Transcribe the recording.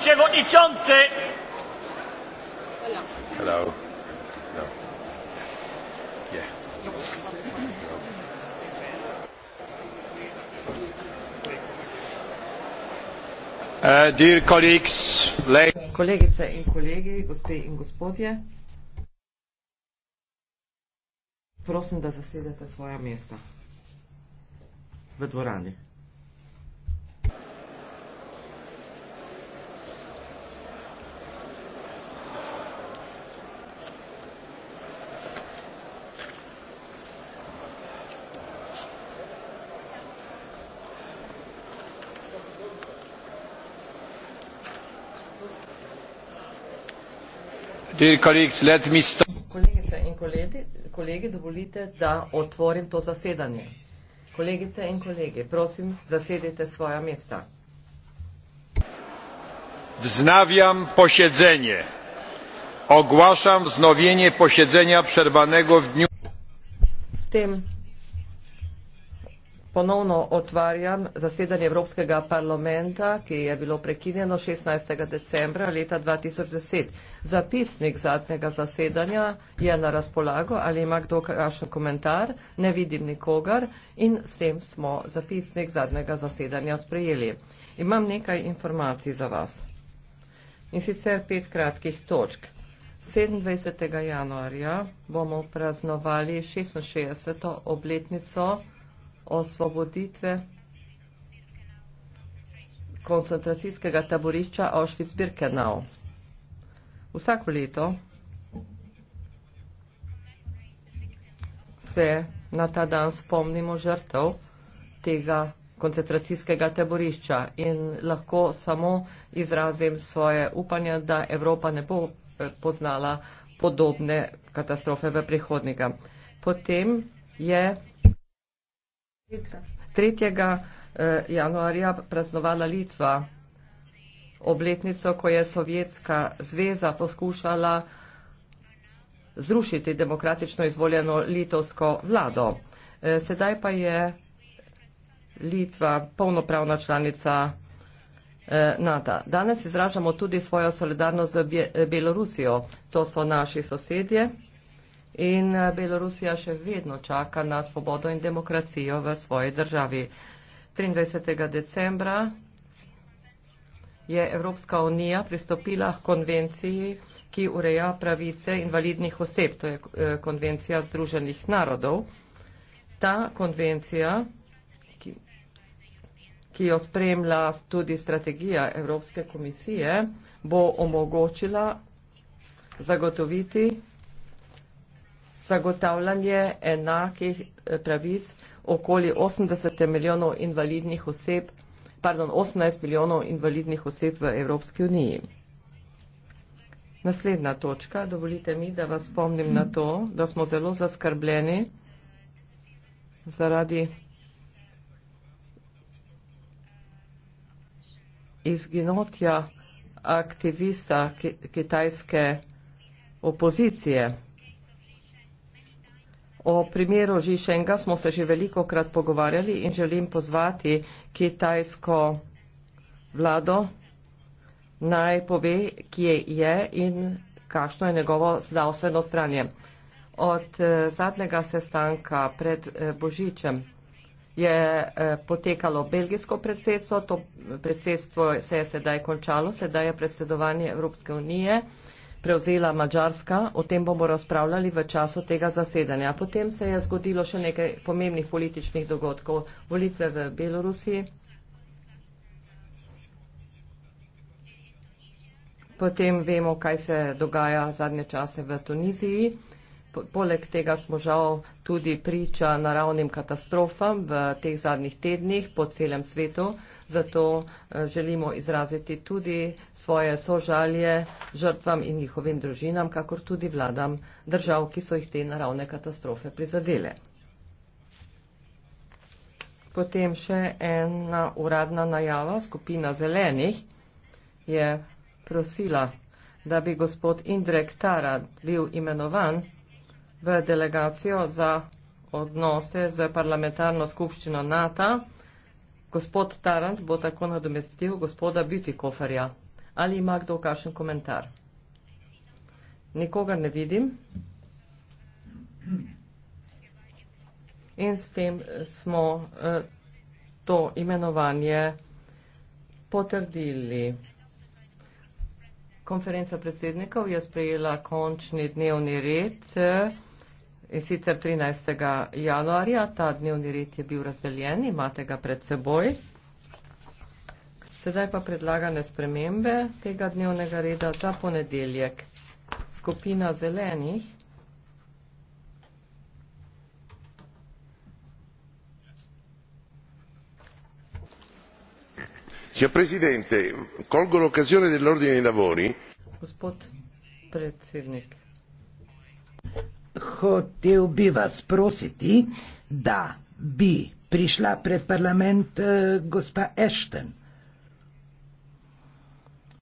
przewodniczący. Hello. No. Yeah. No. Uh, dear colleagues, Kolegice in kolegi, gospe in gospodje, prosim, da zasedete svoja mesta v dvorani. Kolegice in kolegi, dovolite, da otvorim to zasedanje. Kolegice in kolegi, prosim, zasedite svoja mesta. Vznavljam posedzenje. Oglašam vznovljenje posedzenja, prerbanega v dnevu. S tem Ponovno otvarjam zasedanje Evropskega parlamenta, ki je bilo prekinjeno 16. decembra leta 2010. Zapisnik zadnjega zasedanja je na razpolago, ali ima kdo kakšen komentar, ne vidim nikogar in s tem smo zapisnik zadnjega zasedanja sprejeli. Imam nekaj informacij za vas. In sicer pet kratkih točk. 27. januarja bomo praznovali 66. obletnico osvoboditve koncentracijskega taborišča Auschwitz-Birkenau. Vsako leto se na ta dan spomnimo žrtev tega koncentracijskega taborišča in lahko samo izrazim svoje upanje, da Evropa ne bo eh, poznala podobne katastrofe v prihodnjega. Potem je 3. Eh, januarja praznovala Litva obletnico, ko je Sovjetska zveza poskušala zrušiti demokratično izvoljeno litovsko vlado. Eh, sedaj pa je Litva polnopravna članica eh, NATO. Danes izražamo tudi svojo solidarnost z Belorusijo. To so naši sosedje in eh, Belorusija še vedno čaka na svobodo in demokracijo v svoji državi. 23. decembra je Evropska unija pristopila k konvenciji, ki ureja pravice invalidnih oseb, to je eh, konvencija Združenih narodov. Ta konvencija, ki, ki jo spremlja tudi strategija Evropske komisije, bo omogočila zagotoviti zagotavljanje enakih eh, pravic okoli 80 milijonov invalidnih oseb, pardon, 18 milijonov invalidnih oseb v Evropski uniji. Naslednja točka, dovolite mi, da vas spomnim na to, da smo zelo zaskrbljeni zaradi izginotja aktivista kitajske opozicije. O primeru Žišenga smo se že veliko krat pogovarjali in želim pozvati kitajsko vlado naj pove, kje je in kakšno je njegovo zdravstveno stranje. Od eh, zadnjega sestanka pred eh, Božičem je eh, potekalo belgijsko predsedstvo, to predsedstvo se je sedaj končalo, sedaj je predsedovanje Evropske unije prevzela Mačarska. O tem bomo razpravljali v času tega zasedanja. Potem se je zgodilo še nekaj pomembnih političnih dogodkov. Volitve v Belorusiji. Potem vemo, kaj se dogaja zadnje čase v Tuniziji. Poleg tega smo žal tudi priča naravnim katastrofam v teh zadnjih tednih po celem svetu, zato eh, želimo izraziti tudi svoje sožalje žrtvam in njihovim družinam, kakor tudi vladam držav, ki so jih te naravne katastrofe prizadele. Potem še ena uradna najava, skupina zelenih je prosila, da bi gospod Indrek Tara bil imenovan v delegacijo za odnose z parlamentarno skupščino NATO. Gospod Tarant bo tako nadomestil gospoda Bütikoferja. Ali ima kdo kakšen komentar? Nikogar ne vidim. In s tem smo eh, to imenovanje potrdili. Konferenca predsednikov je sprejela končni dnevni red. Eh, In sicer 13. januarja, ta dnevni red je bil razdeljen, imate ga pred seboj. Sedaj pa predlagane spremembe tega dnevnega reda za ponedeljek. Skupina zelenih. Gospod predsednik, hotel bi vas prositi, da bi prišla pred parlament eh, gospa Ešten.